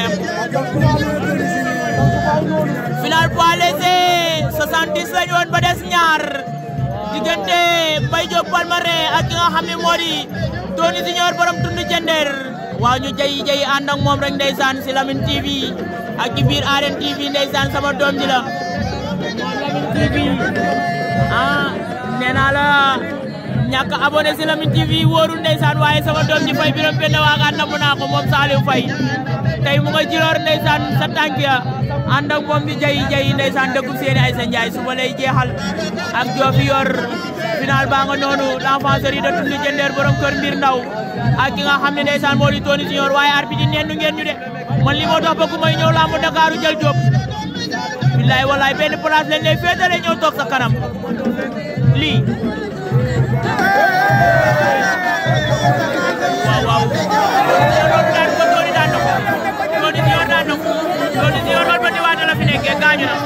yem final poids léger 70 lañu woon ba des ñaar diggante Mbaye Diop Palmarin ak ki nga xam ne moo di Tony Junior borom jender waaw jayi jayi ànd moom rek ndeysaan si Lamine TV ak ci biir Arène TV sama doom ji la ah, ñak abonné ci lami TV woru ndaysan waye sama doom ji fay biram benn waagaan namu na ko mom Saliou fay tay mu nga jiroor ndaysan sa tànk and ya, ak mom bi jey jey ndaysan deggu seeni ay sa njaay suba lay jéxal ak joofi yor final ba nga nonu l'enfant seri da tundu jender borom keur mbir ndaw ak ki nga xamni ndaysan ndeysaan di toni Junior waye arbi di nenu ngeen ñu de man li moo topp may ñew laa mu jël jóob billahi wallahi ben place lañ lay fédéré ñew tok sa kanam li Loolu di yoon loolu ba diwaan la fi nekkee gaañu na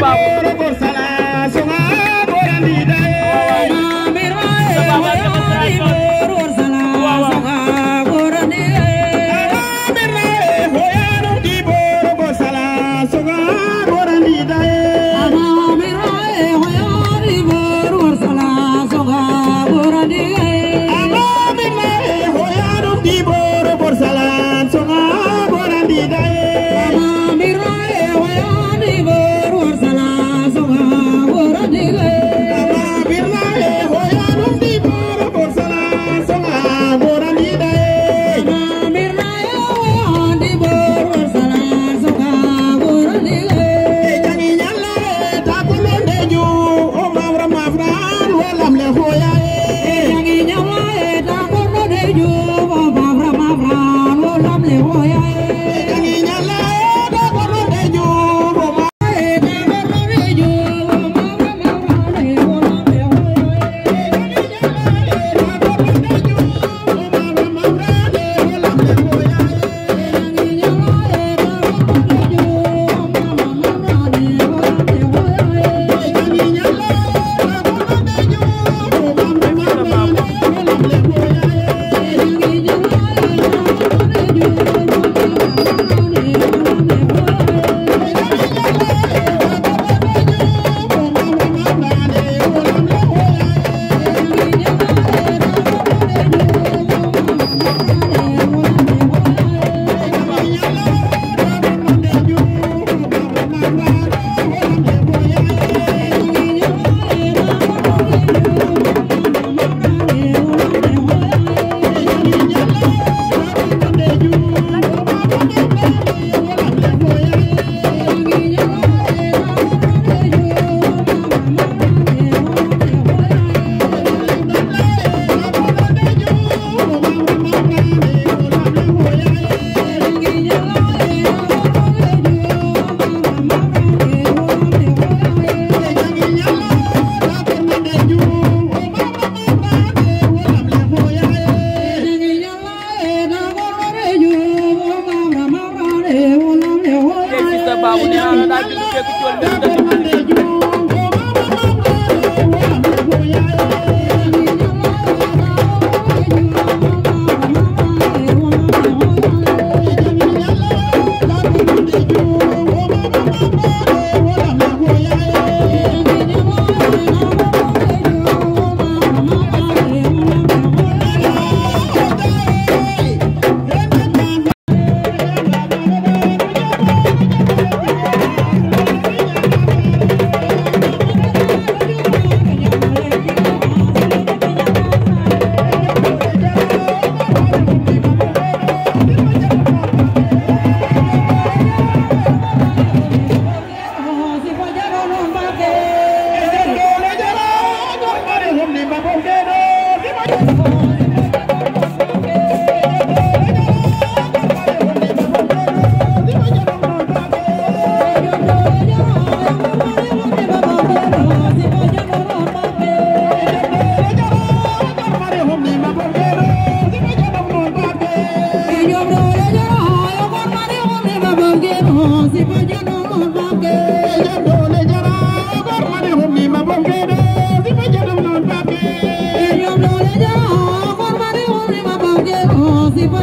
Bye.